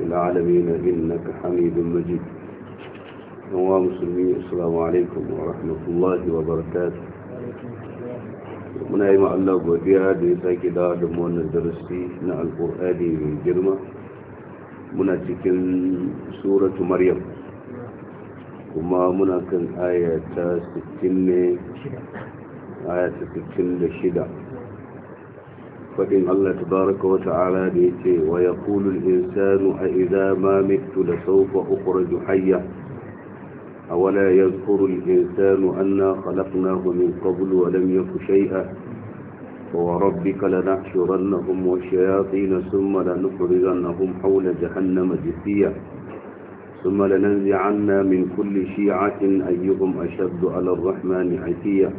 العالمين إنك حميد مجيد نواة مسلمين السلام عليكم ورحمة الله وبركاته muna yi Allah godiya da ya sake dawa da wannan darasi na alkur'ani mai girma muna cikin suratu maryam kuma muna kan ayata 60 da shida. فإن الله تبارك وتعالى بيتي ويقول الإنسان أإذا ما مت لسوف أخرج حيا أولا يذكر الإنسان أنا خلقناه من قبل ولم يك شيئا فوربك لنحشرنهم والشياطين ثم لنخرجنهم حول جهنم جثيا ثم لننزعن من كل شيعة أيهم أشد على الرحمن عتيا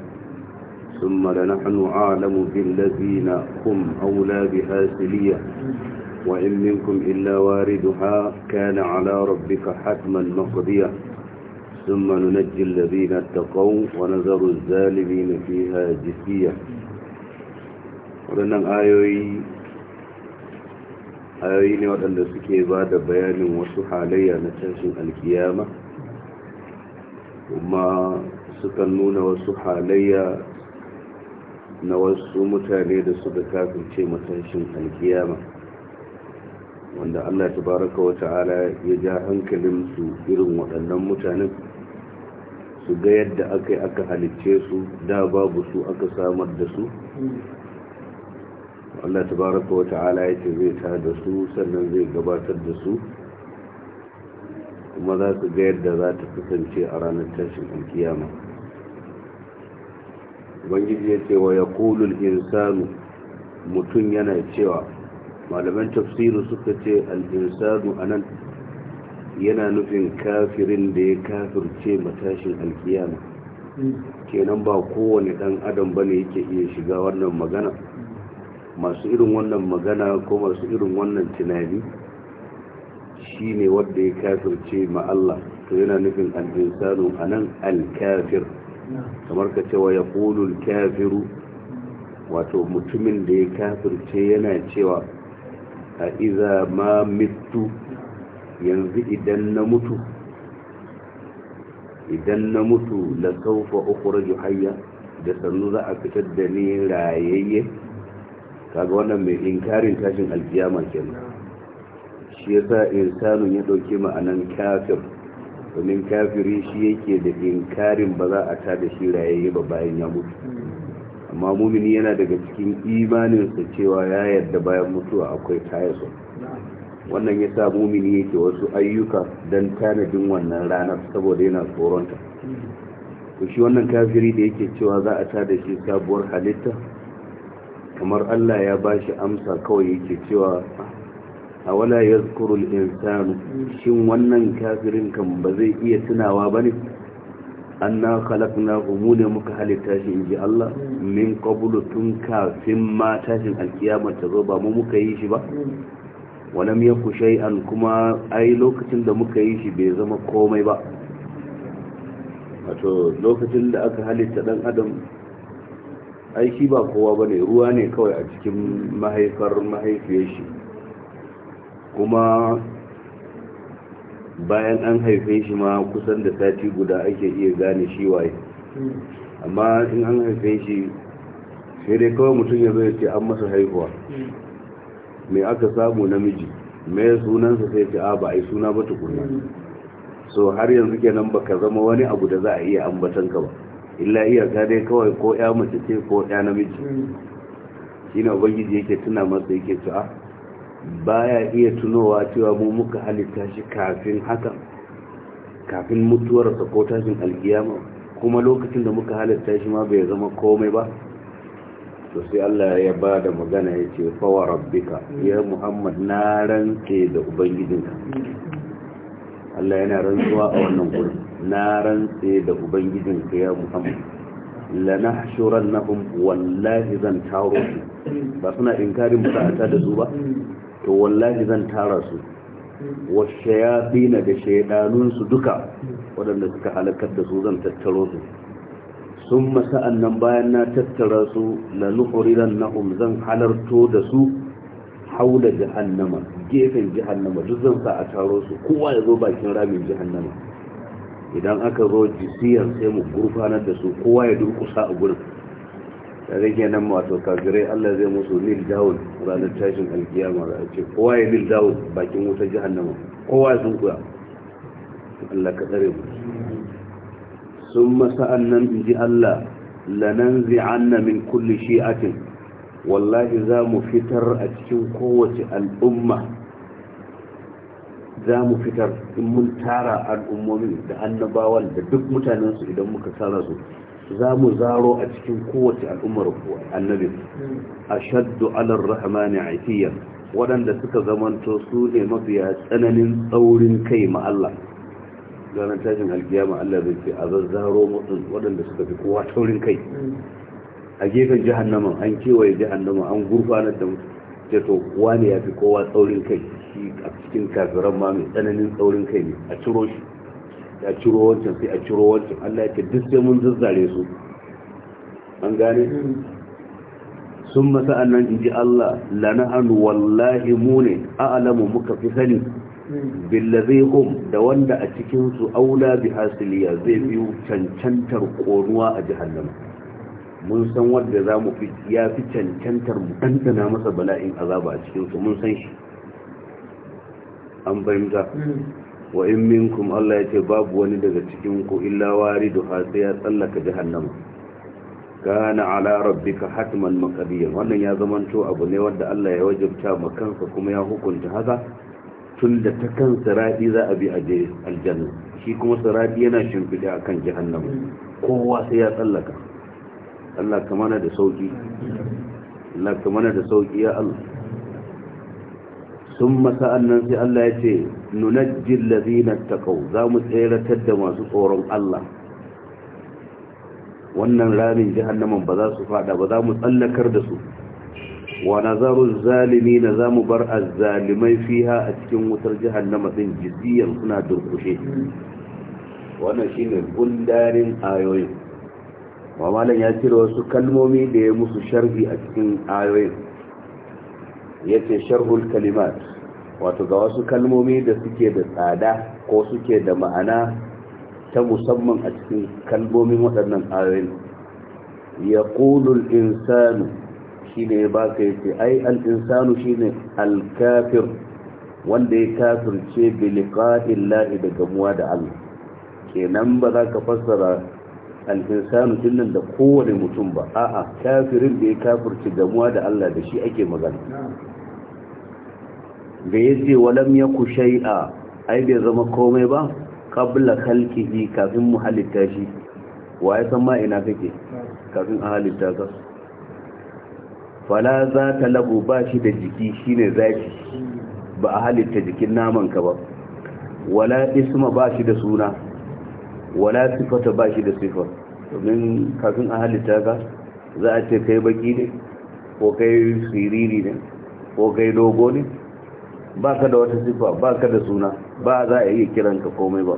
ثم لنحن أعلم بالذين هم أولى بها سليا وإن منكم إلا واردها كان على ربك حتما مقضيا ثم ننجي الذين اتقوا ونذر الظالمين فيها جثيا waɗannan ayoyi ayoyi ne waɗanda suke ba da bayanin wasu halayya na tashin alkiyama kuma sukan nuna wasu halayya na wasu mutane da suka kafirce matashin alkiyama wanda Allah tabaraka wa ta'ala ya ja hankalin su irin waɗannan mutanen su ga yadda aka yi aka halicce su da babu su aka samar da su Allah tabaraka wa ta'ala ya ce zai ta da su sannan zai gabatar da su kuma za su ga yadda za ta kasance a ranar tashin alkiyama ubangiji ya ce wa ya kulul insanu mutum yana cewa malaman tafsiru suka ce al'insanu a nan yana nufin kafirin da ya kafirce matashin alkiyama kenan ba kowane dan adam bane yake iya shiga wannan magana masu irin wannan magana ko masu irin wannan tunani shine wadda ya kafirce ma Allah to yana nufin al a anan al kamar ka cewa ya ƙulul kafiru wato mutumin da ya kafirce yana cewa a iza ma mitu yanzu idan na mutu idan na mutu da saufa da sannu za a fitar da ni rayayye kaga wannan mai inkarin tashin alkiyama kenan shi yasa insanun ya ɗauki ma'anan kafir domin kafiri shi yake da inkarin ba za a ta da shi rayayye ba bayan ya mutu amma mumini yana daga cikin imaninsa cewa ya yarda bayan mutuwa akwai tayaso wannan ya sa mumini yake wasu ayyuka don tanadin wannan ranar saboda yana tsoronta to shi wannan kafiri da yake cewa za a ta da shi sabuwar halitta kamar allah ya ba shi amsa kawai yake cewa a wala ya zukurul insanu shin wannan kafirin kan ba zai iya tunawa ba ne an na halakna umu ne muka halitta shi inji Allah min qablu tun kafin ma tashin alkiyamar ta zo ba mu muka yi shi ba walam ya ku shay'an kuma ai lokacin da muka yi shi bai zama komai ba wato lokacin da aka halitta dan adam ai ba kowa bane ruwa ne kawai a cikin mahaifar mahaifiyar shi kuma bayan an haife shi ma kusan da sati guda ake iya gane shi waye amma in an haife shi sai dai kawai mutum ya zai ce an masa haihuwa mai aka samu namiji mai sunansa sai ce a ba a yi suna ba tukuna so har yanzu kenan baka zama wani abu da za a iya ambatan ba illa iya iyaka dai kawai ko ya mace ce ko ya namiji Shi shine ubangiji yake tuna masa yake ce a ah, baya iya tunowa cewa mu muka halitta shi kafin haka kafin mutuwarsa ko tashin alkiyama kuma lokacin da muka halitta shi ma bai zama komai ba to sai Allah ya ba da magana ya ce fawa rabbika ya muhammad na rantse da ubangijinka Allah yana rantsuwa a wannan gurin na rantse da ubangijinka ya muhammad lanahshurannahum wallahi zan taro ba suna inkarin musa ta da su ba to wallahi zan tara su washayafina da shaidanunsu duka waɗanda suka halakar da su zan tattaro su sun masa nan bayan na tattara su na nufuriran na'um zan halarto da su haula jihannama gefen jihannama duk zan sa a taro su kowa ya zo bakin ramin jihannama idan aka zo jisiyar sai mu gurfanar da su kowa ya durkusa a gurin daga kenan wato kafirai Allah zai musu nil dawud ranar tashin alkiyama a ce kowa ya nil dawud bakin wuta jahannama kowa sun kuya Allah ka tsare mu sun masa annan in ji Allah lanan zi'anna min kulli shi'atin wallahi za mu fitar a cikin kowace al'umma za mu fitar in mun tara al'ummomin da annabawan da duk mutanensu idan muka tsara su za mu zaro a cikin kowace al'ummar annabi a shaddu alar rahmani aitiyar waɗanda suka zamanto su ne mafiya tsananin tsaurin kai ma Allah ranar tashin alkiyama Allah zai ce a zazzaro mutum waɗanda suka fi kowa taurin kai a gefen jahannama an kewaye jahannama an gurfanar da ce to wani ya fi kowa tsaurin kai shi a cikin kafiran ma mai tsananin tsaurin kai ne a ciro shi a ciro wancan sai a ciro wancan Allah ya ce duk sai mun zazzare su an gane sun masa annan in ji Allah lana hannu wallahi mu ne a'alamu muka fi sani billazi da wanda a cikinsu aula bi hasiliya zai biyu cancantar konuwa a jahannama mun san wanda za mu fi ya fi cancantar mu ɗanɗana masa bala'in azaba a cikinsu mun san shi an fahimta hmm. wa in minkum Allah ya ce babu wani daga cikin ku illa wariduha sai ya tsallaka jahannama kana ala rabbika hatman maqdiyan wannan ya zamanto abu ne wanda Allah ya wajabta ma kansa kuma ya hukunta haza? tun da ta kan siradi za a bi a je aljanna shi kuma siradi yana shimfide akan jahannama kowa sai ya tsallaka Allah ka mana da sauki Allah ka mana da sauki ya Allah sun masa annan sai Allah ya ce nunajjin ta kau, za mu tseratar da masu tsoron Allah wannan ramin jihannaman ba za su fada ba za mu tsallakar da su wa nazarun zalimi na za mu bar azzalimai fiha a cikin wutar jihannama din jiziyar suna durkushe wannan shi ne gundarin ayoyin wa malam ya cire wasu kalmomi da ya musu sharhi a cikin ayoyin yace sharhul kalimat wato ga wasu kalmomi da suke da tsada ko suke da ma'ana ta musamman a cikin kalmomin waɗannan ayoyin ya ƙulul insanu shi ne ba ka yi ce ai al'insanu shi ne alkafir wanda ya kafirce bilikaɗin la'i da gamuwa da allah kenan ba za ka fassara al'insanu dinnan da kowane mutum ba a'a kafirin da ya kafirce gamuwa da allah da shi ake magana da ya ce walam ya ku shai'a ai bai zama komai ba kabla halkihi kafin mu halitta shi wa ya san ma ina kake kafin a halitta ka fala za ta lagu ba shi da jiki shine zaki ba a halitta jikin naman ka ba wala isma ba shi da suna wala sifata ba shi da sifa domin kafin a halitta ka za a ce kai baki ne ko kai siriri ne ko kai dogo ne ba ka da wata sifa ba ka da suna ba za a iya kiranka komai ba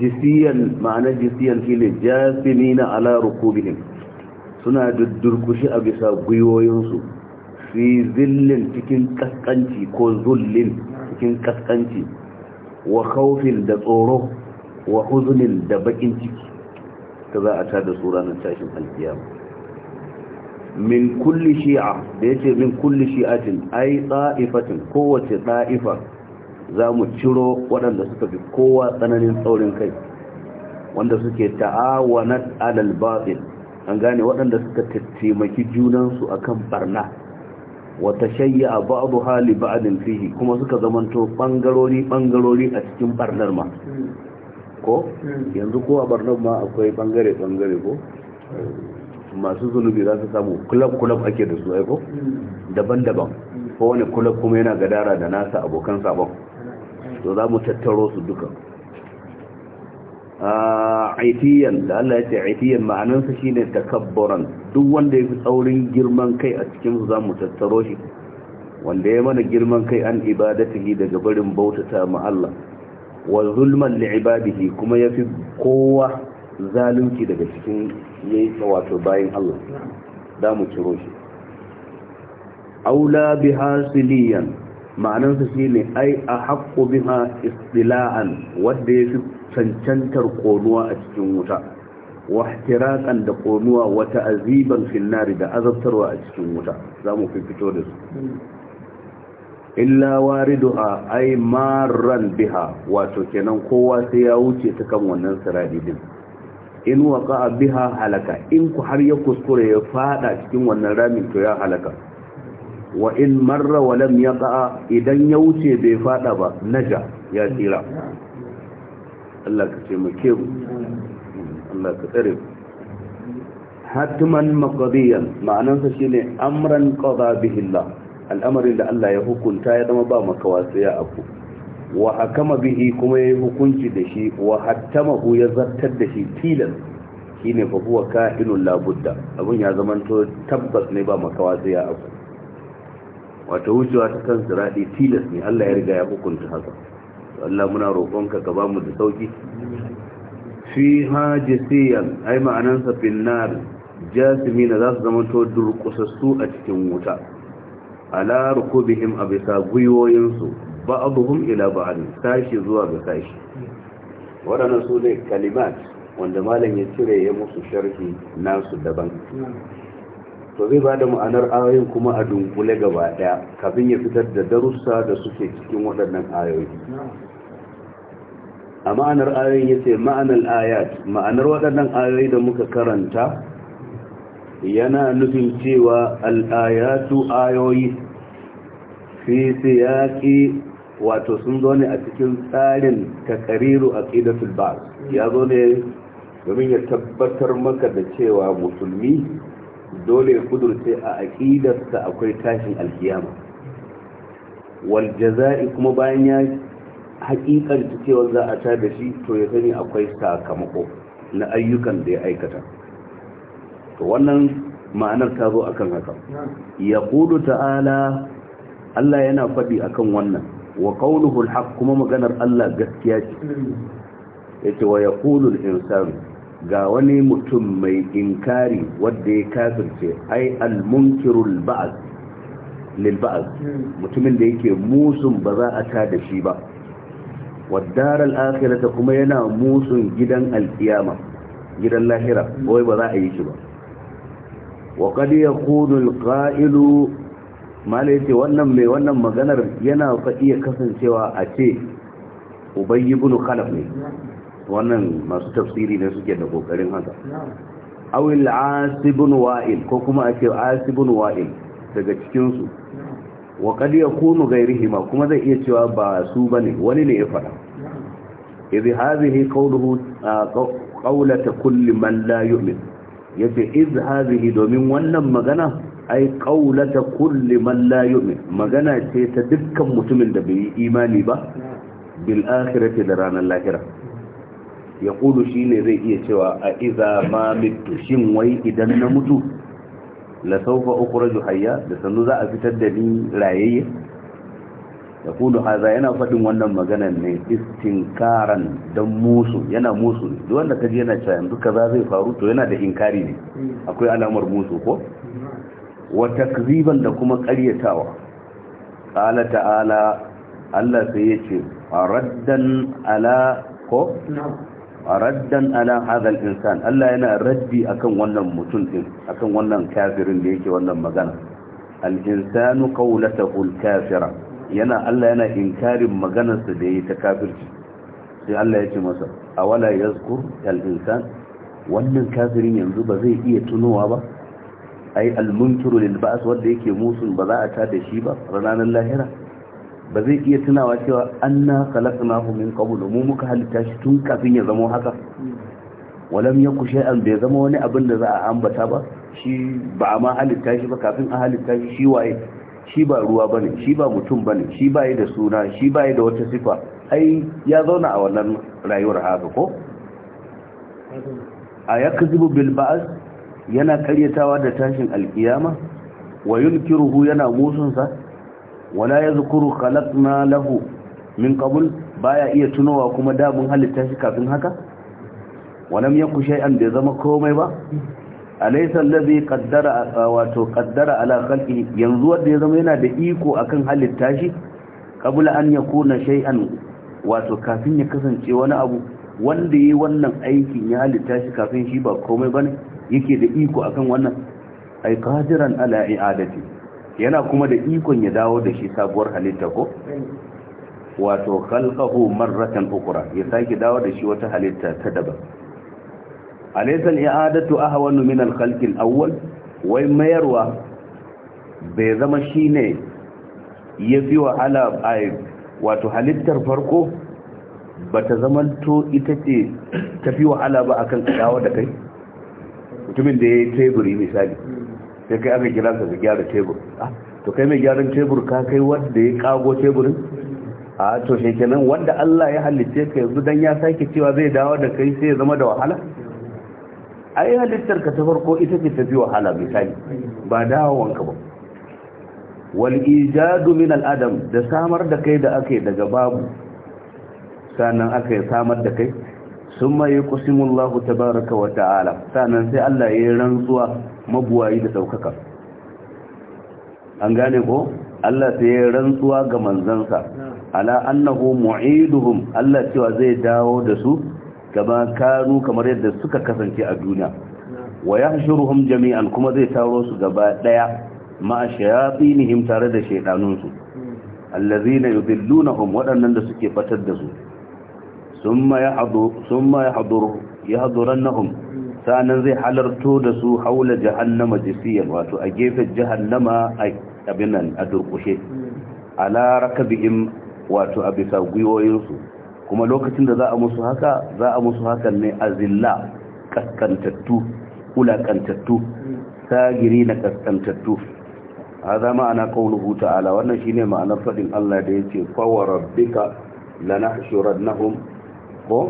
jisiyan ma'ana jisiyan jasini na ala rukubihim suna durkushi a bisa gwiwoyinsu fi zillin cikin kaskanci ko zullin cikin kaskanci wa kaufin da tsoro wa huzunin da bakin ciki ta za a ta su ranar tashin alkiyama min kulli shi'a da yace min kulli shi'atin ai ta'ifatin kowace ta'ifa za mu ciro waɗanda suka fi kowa tsananin tsaurin kai wanda suke ta'awana alal batil an gane waɗanda suka taimaki junansu akan barna wata shayya a ba'adu hali ba'adin fihi kuma suka zamanto ɓangarori ɓangarori a cikin barnar ma ko hmm. yanzu ko a barnar ma akwai ɓangare ɓangare ko masu zunubi za su samu kulab-kulab ake da su aiko daban-daban ko wani kulab kuma yana gadara da nasa abokan sabon to za mu tattaro su duka a ah, aitiyan da Allah ya ce aitiyan ma'anansa shine takabbaran duk wanda ya fi tsaurin girman kai a cikinsu za mu tattaro shi wanda ya mana girman kai an ibadatihi daga barin bautata ma Allah wa zulman li'ibadihi kuma ya fi kowa zalunci daga cikin yayi wato bayan Allah da mu ciro shi aula biha siliyan shi shine ai a haqqu biha istilaan wanda fi cancantar konuwa a cikin wuta wahtirakan da konuwa wata aziban finnari da azabtarwa a cikin wuta zamu fito da su illa wariduha ai maran biha wato kenan kowa sai ya wuce ta kan wannan siradi din in waka biha halaka in ku har ya kuskure ya fada cikin wannan ramin to ya halaka wa in marra wa lam yaqa idan ya wuce bai fada ba naja ya tsira Allah ka ce mu Allah ka tsare hatman maqdiyan shine amran qada bihi Allah al'amarin da Allah ya hukunta ya zama ba makawa sai ya wa hakama bihi kuma yayi hukunci da shi wa hattamahu ya zartar da shi tilan shine fa huwa ka'inun la abun ya zamanto tabbas ne ba makawa sai ya abu wato wucewa ta kan siradi tilas ne Allah ya riga ya hukunta haka Allah muna roƙonka ka ba mu da sauki fi hajisiyan ai ma'anansa finnar jasimina za su zama to durƙusassu a cikin wuta ala rukubihim a bisa gwiwoyinsu ba'aduhum ila ba'd sashi zuwa ga sashi waɗannan su ne kalimat wanda malam ya cire ya musu sharhi nasu daban to zai ba da ma'anar ayoyin kuma a dunkule gaba ɗaya kafin ya fitar da darussa da suke cikin waɗannan ayoyi a ma'anar ayoyin ya ce ma'anar ayat ma'anar waɗannan ayoyi da muka karanta yana nufin cewa al'ayatu ayoyi fi siyaki wato sun zo ne a cikin tsarin takariru a ƙidatul ba ya zo ne domin ya tabbatar maka da cewa musulmi dole ya kudurce a aƙidarsa akwai tashin alkiyama wal jaza'i kuma bayan ya hakikanci cewa za a ta da shi to ya sani akwai sakamako na ayyukan da ya aikata to wannan ma'anar ta zo akan haka ya ta'ala Allah yana faɗi akan wannan wa qawluhu alhaq kuma maganar Allah gaskiya ce yace wa yaqulu al ga wani mutum mai inkari wanda ya kafirce ai al-munkirul ba'd lil ba'd mutumin da yake musun ba za a ta da shi ba wadar al-akhirata kuma yana musun gidan al-qiyama gidan lahira wai ba za a yi shi ba wa qad yaqulu al-qa'ilu mala ce wannan mai wannan maganar yana fa iya kasancewa a ce ubay bunu khalaf ne wannan masu tafsiri ne suke da kokarin haka awil asibun wa'il ko kuma a ce asibun wa'il daga cikinsu wa kad yakunu ghayrihima kuma zai iya cewa ba su bane wani ne ya fada idh hadhihi qawluhu qawlata kulli man la yu'min yace idh hadhihi domin wannan magana ai qaulata kulli man la magana ce ta dukkan mutumin da bai yi imani ba bil akhirati da ranar lahira ya shi ne zai iya cewa a iza ma mitu shin wai idan na mutu la sawfa ukhraju hayya da sanu za a fitar da ni rayayye ya haza yana faɗin wannan magana ne istinkaran dan musu yana musu ne duk wanda kaje yana cewa yanzu kaza zai faru to yana da inkari ne akwai alamar musu ko wa takziban da kuma ƙaryatawa ƙala ta'ala Allah sai ya ce a raddan ala ko? a raddan ala hadal insan Allah yana raddi akan wannan mutum din akan wannan kafirin da yake wannan magana al-insanu qawlatuhu al-kafira yana Allah yana inkarin maganarsa da yayi ta kafirci sai Allah ya ce masa awala yazkur al-insan wannan kafirin yanzu ba zai iya tunowa ba ai almunturu lil lilba'as wanda yake musun ba za a ta da shi ba ranar lahira ba zai iya tunawa cewa anna khalaqnahu min qablu mu muka halitta shi tun kafin ya zama haka walam kushe an bai zama wani abin da za a ambata ba shi ba ma halitta shi ba kafin a halitta shi shi waye shi ba ruwa ne, shi ba mutum ne, shi ba da suna shi ba da wata sifa ai ya zauna a wannan rayuwar haka ko a yakzibu bil ba'as yana karyatawa da tashin alkiyama wa yunkiruhu yana musunsa wala yadhkuru khalaqna lahu min qabl baya iya tunowa kuma da mun halitta shi kafin haka walam yaku shay'an bai zama komai ba alaysa allazi qaddara wato qaddara ala khalqi yanzu wanda ya zama yana da iko akan halitta shi qabla an yakuna shay'an wato kafin ya kasance wani abu wanda yi wannan aikin ya halitta shi kafin shi ba komai ba ne? yake da iko akan wannan ai ala'i ala yana kuma da ikon ya dawo da shi sabuwar halitta ko wato kalkahu marratan ukura ya sake dawo da shi wata halitta ta daban A laifin iadatu ahwanu min al-khalq al-awwal wai mayarwa bai zama shine yafi wahala ai wato halittar farko ba ta zama to ita ce tafi wahala ba akan kadawa da kai mutumin da ya yi teburi misali sai kai aka kira ka gyara tebur ah, to kai mai gyaran tebur ka kai wanda ya kago teburin a to shekenan wanda Allah ya halitta ka yanzu dan ya sake cewa zai dawo da kai sai ya zama da wahala ai halittar ka ta farko ita ce tafi wahala misali ba wanka ba wal ijadu min al adam da samar da kai da ake daga babu sannan aka yi samar da kai sun ma kusimullahu tabaraka wa ta'ala sannan sai Allah ya yi rantsuwa mabuwayi da saukaka an gane ko Allah sai ya yi rantsuwa ga manzansa ala annahu mu'iduhum Allah cewa zai dawo da su gaba kanu kamar yadda suka kasance a duniya wa yahshuruhum jami'an kuma zai taro su gaba daya ma shayatinihim tare da shaydanunsu allazina yudillunahum wadannan da suke batar da su ثم يحضر ثم يحضرنهم sanan zai halarto da su haula jahannama jisiyan wato a gefen jahannama a abinan a durkushe ala rakabihim wato a bisa gwiwoyinsu kuma lokacin da za a musu haka za a musu hakan ne a zilla kaskantattu ulakantattu sagiri na kaskantattu هذا معنى قوله تعالى وانا شيني معنى فدين الله ده يتي فوربك لنحشرنهم bo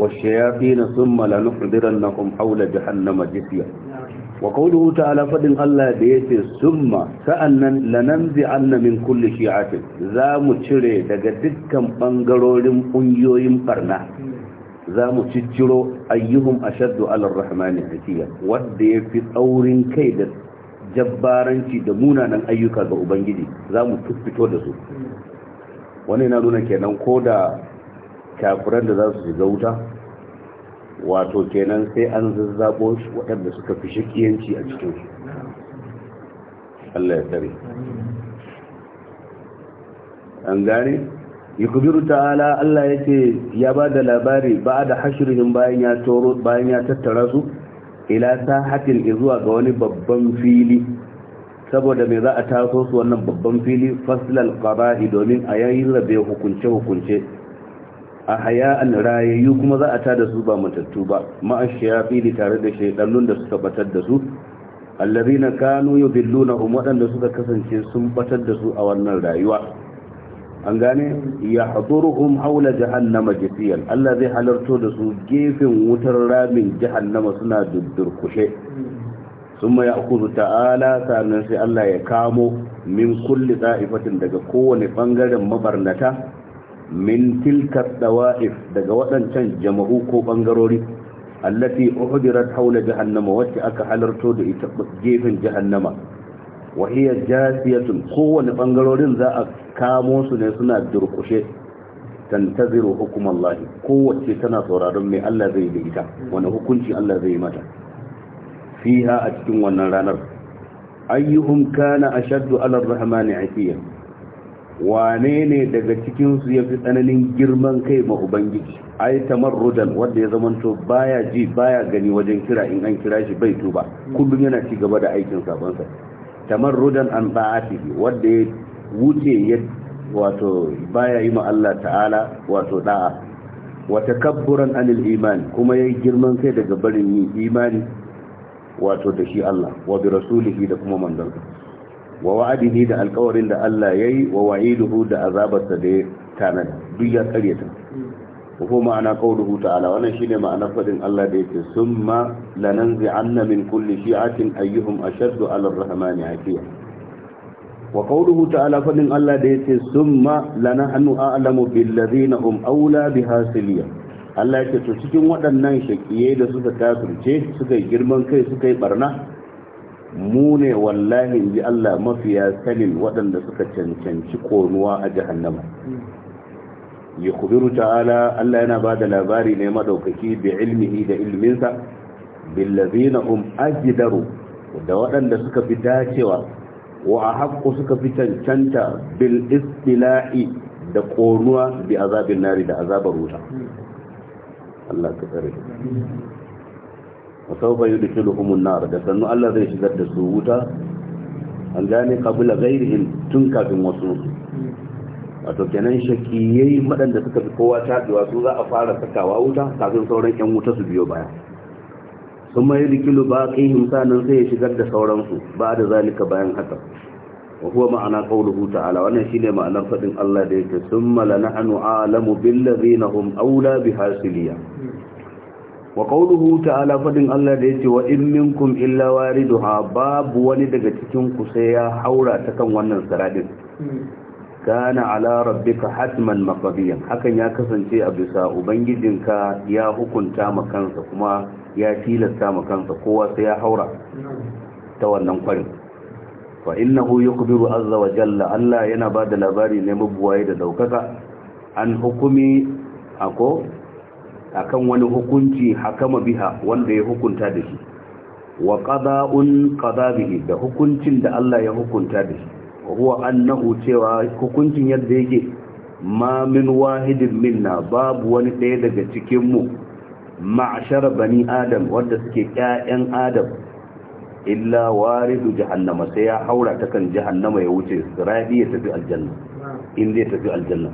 wa shayatin thumma la nuhdirannakum hawla jahannama jisya wa qawluhu ta'ala fadin Allah da yace thumma sa'annan lananzi'anna min kulli shi'ati za mu cire daga dukkan bangarorin ƙungiyoyin farna za mu cicciro ayyuhum ashaddu 'ala ar-rahman ya fi yafi tsaurin kai da jabaranci da munanan ayyuka ga ubangiji za mu tuffito da su wannan yana nuna kenan ko da. kafiran da za su shiga wuta wato kenan sai an zazzabo waɗanda suka fi shakiyanci a cikin Allah ya tsari an gane yukubiru ta'ala Allah ya ce ya ba da labari ba da hashirin bayan ya tattara su ila sahatin zuwa ga wani babban fili saboda mai za a taso su wannan babban fili faslal kabari domin a yayin rabe hukunce hukunce a haya'an rayayyu kuma za a tada su ba matattu ba ya fili tare da shaidannun da suka batar da su allazina kanu umar da suka kasance sun batar da su a wannan rayuwa an gane yahduruhum hawla jahannama jisiyan Allah zai halarto da su gefen wutar ramin jahannama suna duddurkushe summa ya'khudhu ta'ala sannan sai Allah ya kamo min kulli da'ifatin daga kowane bangaren mabarnata min tilka dawa'if daga waɗancan jama'u ko bangarori allati uhdirat hawla jahannama wacce aka halarto da ita gefen jahannama wa hiya jasiyatun kowane bangarorin za a kamo su ne suna durkushe tantaziru hukumallahi kowace tana sauraron mai Allah zai da ita wani hukunci Allah zai mata fiha a cikin wannan ranar ayyuhum kana ashaddu ala ar-rahmani atiyan wane ne daga cikinsu ya fi tsananin girman kai ma ubangiji ai tamarrudan wanda ya zamanto baya ji baya gani wajen kira in an kira shi bai tuba kullum yana ci gaba da aikin sabonsa tamarrudan an ba'atihi wanda ya wuce ya wato baya yi ma Allah ta'ala wato da'a wa takabburan anil iman kuma yayi girman kai daga barin imani wato da shi Allah wa bi rasulihi da kuma manzon wa wa'adihi da alkawarin da Allah yayi wa wa'iduhu da azabarsa da ya tanada duk ya karyata ko ma'ana qauluhu ta'ala wannan shine ma'ana fadin Allah da yake summa lananzi'anna min kulli shi'atin ayyuhum ashaddu 'ala ar-rahmani 'atiya wa qauluhu ta'ala fadin Allah da yake summa lanahnu a'lamu bil ladina hum aula biha siliya Allah yake to cikin waɗannan shakiye da suka kafirce suka yi girman kai suka yi barna mu ne wallahi in ji Allah mafiya sanin waɗanda suka cancanci konuwa a jahannama ya kubiru ta'ala Allah yana ba da labari ne maɗaukaki da ilmihi da ilminsa billazina um ajidaru da waɗanda suka fi dacewa wa a haƙƙo suka fi cancanta bil istila'i da konuwa bi azabin nari da azabar wuta Allah ka tsare wa sawfa yudkhiluhum an-nar da sannu Allah zai shigar da su wuta an gane qabla ghairihim tun kafin wasu to kenan shakiyai waɗanda suka fi kowa taɗewa su za a fara sakawa wuta kafin sauran 'yan wuta su biyo baya sun mai rikilu ba ƙihim sanan sai ya shigar da sauransu ba da zalika bayan haka wa kuwa ma'ana ƙaunuhu ta'ala wannan shi ne ma'anar faɗin Allah da yake sun mala na hannu alamu billazi na hum aula bi hasiliya wa qawluhu ta'ala fadin Allah da yace wa in minkum illa wariduha babu wani daga cikin ku sai ya haura ta kan wannan saradin kana ala rabbika hatman maqdiyan hakan ya kasance a bisa ubangijinka ya hukunta makansa kuma ya tilasta ma kansa kowa sai ya haura ta wannan kwarin fa innahu yukbiru azza wa jalla Allah yana bada labari ne mabuwaye da daukaka an hukumi ako akan wani hukunci hakama biha wanda ya hukunta da shi wa qada'un qada bihi da hukuncin da Allah ya hukunta da shi huwa annahu cewa hukuncin yadda yake ma min wahidin minna babu wani ɗaya daga cikin mu ma'ashar bani adam wanda suke ƴaƴan adam illa waridu jahannama sai ya haura ta kan jahannama ya wuce ra'i ya tafi aljanna in zai tafi aljanna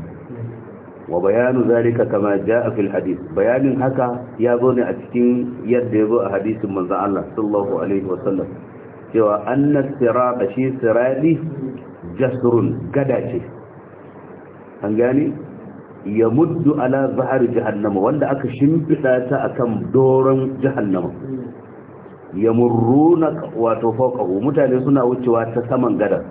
wa bayanu zalika kama jaa fil hadith bayanin haka ya zo ne a cikin yadda ya zo a hadisin manzon Allah sallallahu alaihi sallam cewa anna sirata shi sirali jasrun gada ce an gani ya muddu ala zahar jahannama wanda aka shimfida ta akan doron jahannama yamurruna wato fawqahu mutane suna wucewa ta saman gadar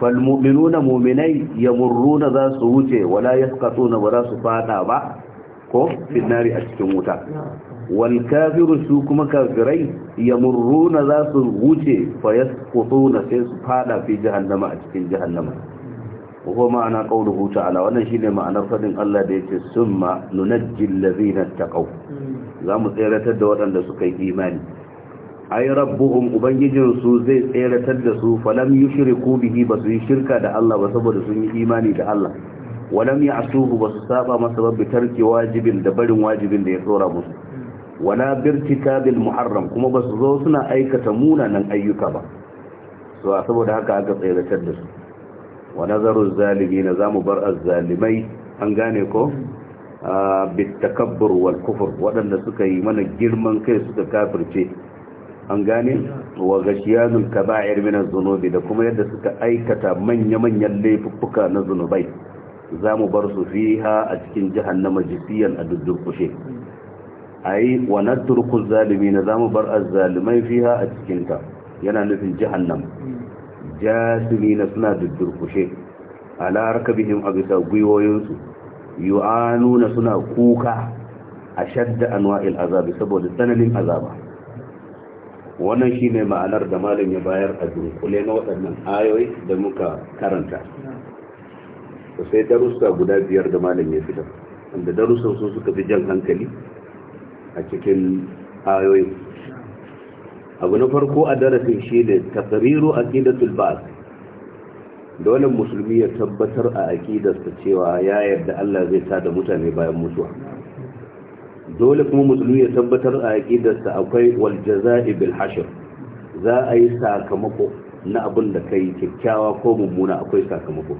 falmuminuna muminai ya murruna za su wuce wala ya na ba za su fada ba ko finari a cikin wuta walkafiru su kuma kafirai ya murruna za su wuce fa ya na sai su fada fi jihannama a cikin jihannama. ko ma'ana qauluhu ala wannan shine ma'anar fadin Allah da yake summa nunajjil ladina taqaw za mu tsayar da waɗanda suka yi imani ai rabbuhum ubangijin su zai tseratar da su falam yushriku bihi basu yi shirka da Allah ba saboda sun yi imani da Allah walam ba basu saba masa ba bi tarki wajibin da barin wajibin da ya tsora musu wala birtikabil muharram kuma basu zo suna aikata munanan ayyuka ba so saboda haka aka tseratar da su wa nazaru zalimin zamu bar azzalimai an gane ko ah, bit takabbur wal kufur waɗanda suka yi mana girman kai suka kafirce an gane wa gashiyanul kaba'ir min az-zunubi da kuma yadda suka aikata manya-manyan laifuffuka na zunubai zamu bar su fiha a cikin jahannama jisiyan a duddurkushe ai wa natruku zalimin zamu bar az-zalimai fiha a cikin ta yana nufin jahannam jasimin suna duddurkushe ala rakabihim abisa guyoyinsu yu'anuna suna kuka ashadda anwa'il azabi saboda tsananin azaba wannan shi ne ma'anar da malam ya bayar a dunkule na waɗannan ayoyi da muka karanta sai darussa guda biyar da malam ya fitar inda darussan su suka fi jan hankali a cikin ayoyi. abu na farko a darasin shi ne tasiriru aqidatul ba'd dole musulmi ya tabbatar a aqidarsa cewa ya yarda Allah zai sa da mutane bayan mutuwa dole kuma musulmi ya tabbatar a aqidarsa akwai wal jaza'i bil hashr za a yi sakamako na abin da kai kyakkyawa ko mummuna akwai sakamako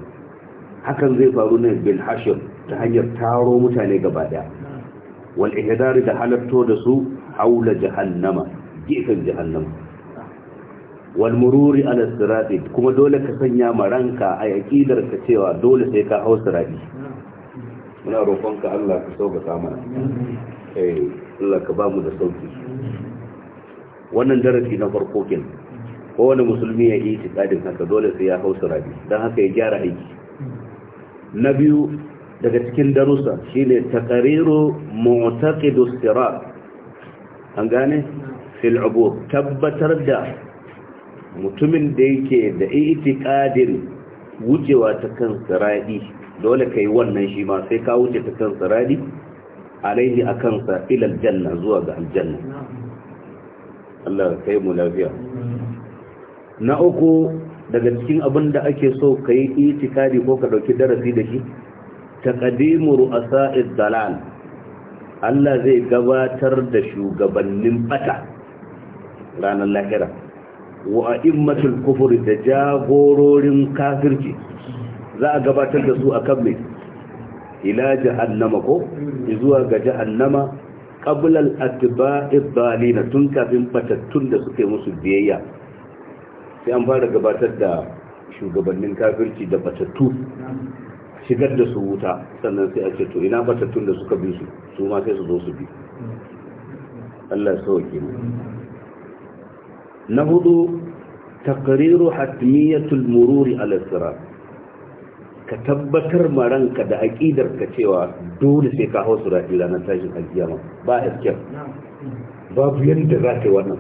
hakan zai faru ne bil hashr ta hanyar taro mutane gaba daya wal ihdari da halatto da su haula jahannama gefen jahannama wal mururi ala sirati kuma dole ka sanya maranka a aqidar ka cewa dole sai ka hau sirati muna roƙonka Allah ka sauka mana Eh, Allah ka ba mu da sauki wannan darasi na farko kin kowane musulmi ya yi tsadin haka dole sai ya hausa rabi don haka ya gyara aiki na biyu daga cikin darussa shine taqriru mu'taqidu sirat an gane fil ubud tabbatar da mutumin da yake da itikadin wucewa ta kan sirati dole kai wannan shi ma sai ka wuce ta kan sirati alaihi a kansa ilal janna zuwa ga aljanna Allah ka yi mu lafiya na uku daga cikin abin da ake so ka yi itikadi ko ka ɗauki darasi da shi taqdimu ru'asa'id dalal Allah zai gabatar da shugabannin bata ranar lahira wa immatul kufur da jagororin kafirci za a gabatar da su akan mai ila jahannama ko zuwa ga jahannama qabla al-atba'i dhalina tun kafin fatattun da suke musu biyayya sai an fara gabatar da shugabannin kafirci da fatattu shigar da su wuta sannan sai a ce to ina fatattun da suka bi su su ma sai su zo su bi Allah sauke mu na hudu taqriru hatmiyatul mururi ala sirat ka tabbatar ma ranka da aƙidar ka cewa dole sai ka hau surafi ranar tashin alkiyama ba escape babu yadda za ka yi wannan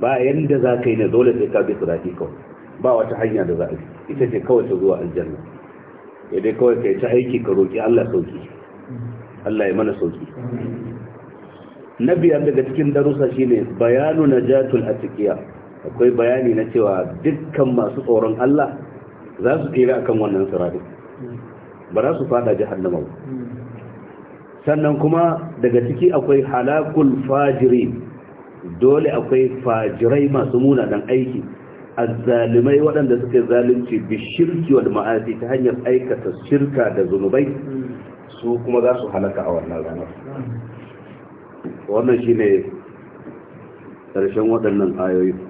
ba yadda za ka yi na dole sai ka bi surafi kawai ba wata hanya da za a ita ce kawai ta zuwa aljanna ya dai kawai ka yi ta aiki ka roƙi Allah sauki Allah ya mana sauki na biyar daga cikin darussa shine bayanu najatul atqiya akwai bayani na cewa dukkan masu tsoron Allah za su a kan wannan sirari ba za su fada jahannama ba sannan kuma daga ciki akwai halakul fajiri dole akwai fajirai masu muna munanan aiki a zalimai waɗanda suka zalunci bishirki wal ma'azi ta hanyar aikata shirka da zunubai su kuma za su halaka a wannan ranar wannan shi ne ƙarshen waɗannan ayoyi